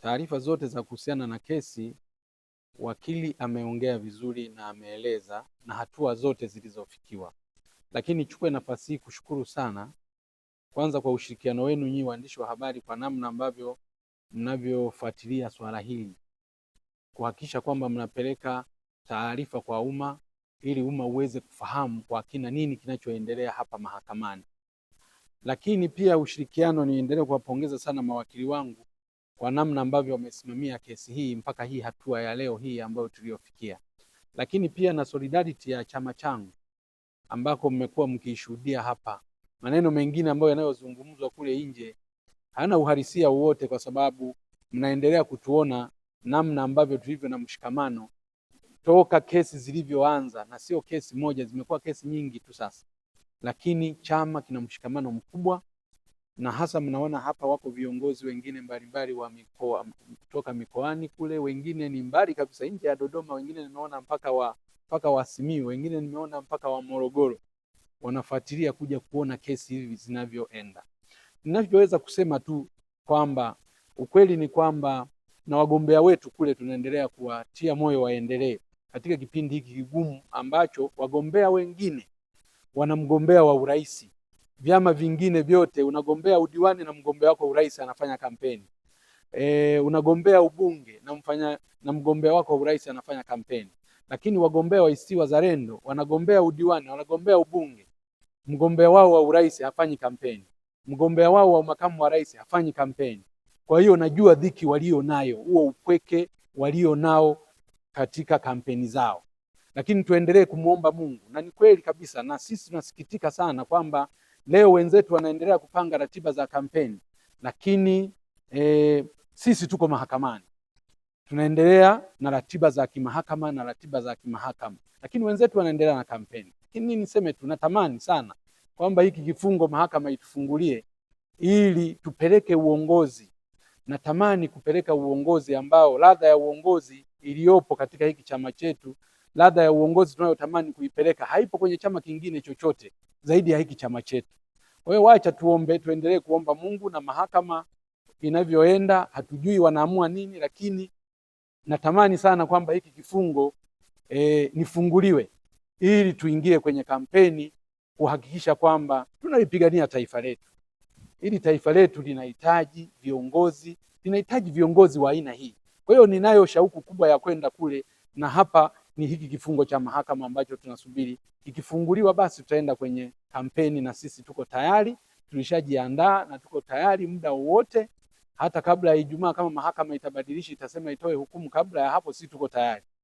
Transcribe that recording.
Taarifa zote za kuhusiana na kesi, wakili ameongea vizuri na ameeleza na hatua zote zilizofikiwa, lakini nichukue nafasi hii kushukuru sana kwanza kwa ushirikiano wenu nyinyi waandishi wa habari kwa namna ambavyo mnavyofuatilia swala hili kuhakikisha kwamba mnapeleka taarifa kwa umma ili umma uweze kufahamu kwa kina nini kinachoendelea hapa mahakamani. Lakini pia ushirikiano, niendelee kuwapongeza sana mawakili wangu kwa namna ambavyo wamesimamia kesi hii mpaka hii hatua ya leo hii ambayo tuliyofikia, lakini pia na solidarity ya chama changu ambako mmekuwa mkiishuhudia hapa. Maneno mengine ambayo yanayozungumzwa kule nje hana uhalisia wowote, kwa sababu mnaendelea kutuona namna ambavyo tulivyo na mshikamano toka kesi zilivyoanza, na sio kesi moja, zimekuwa kesi nyingi tu sasa, lakini chama kina mshikamano mkubwa na hasa mnaona hapa wako viongozi wengine mbalimbali wa mikoa kutoka mikoani kule, wengine ni mbali kabisa nje ya Dodoma, wengine nimeona mpaka wa mpaka wa Simiyu, wengine nimeona mpaka wa Morogoro, wanafuatilia kuja kuona kesi hizi zinavyoenda. Ninavyoweza kusema tu kwamba ukweli ni kwamba na wagombea wetu kule tunaendelea kuwatia moyo waendelee katika kipindi hiki kigumu ambacho wagombea wengine wana mgombea wa urais vyama vingine vyote, unagombea udiwani na mgombea wako urais anafanya kampeni e, unagombea ubunge na mfanya na mgombea wako urais anafanya kampeni. Lakini wagombea wa ACT Wazalendo wanagombea udiwani, wanagombea ubunge, mgombea wao wa urais hafanyi kampeni, mgombea wao wa makamu wa rais hafanyi kampeni. Kwa hiyo najua dhiki walio nayo, huo upweke walio nao katika kampeni zao, lakini tuendelee kumwomba Mungu, na ni kweli kabisa, na sisi tunasikitika sana kwamba Leo wenzetu wanaendelea kupanga ratiba za kampeni, lakini e, sisi tuko mahakamani tunaendelea na ratiba za kimahakama na ratiba za kimahakama, lakini wenzetu wanaendelea na kampeni. Lakini niseme tu, natamani sana kwamba hiki kifungo mahakama itufungulie ili tupeleke uongozi. Natamani kupeleka uongozi ambao ladha ya uongozi iliyopo katika hiki chama chetu, ladha ya uongozi tunayotamani kuipeleka haipo kwenye chama kingine chochote zaidi ya hiki chama chetu. Kwa hiyo wacha tuombe, tuendelee kuomba Mungu na mahakama inavyoenda, hatujui wanaamua nini, lakini natamani sana kwamba hiki kifungo e, nifunguliwe ili tuingie kwenye kampeni kuhakikisha kwamba tunalipigania taifa letu. Ili taifa letu linahitaji viongozi, linahitaji viongozi wa aina hii. Kwa hiyo ninayo shauku kubwa ya kwenda kule na hapa ni hiki kifungo cha mahakama ambacho tunasubiri kikifunguliwa, basi tutaenda kwenye kampeni, na sisi tuko tayari, tulishajiandaa na tuko tayari muda wowote, hata kabla ya Ijumaa. Kama mahakama itabadilisha, itasema itoe hukumu kabla ya hapo, sisi tuko tayari.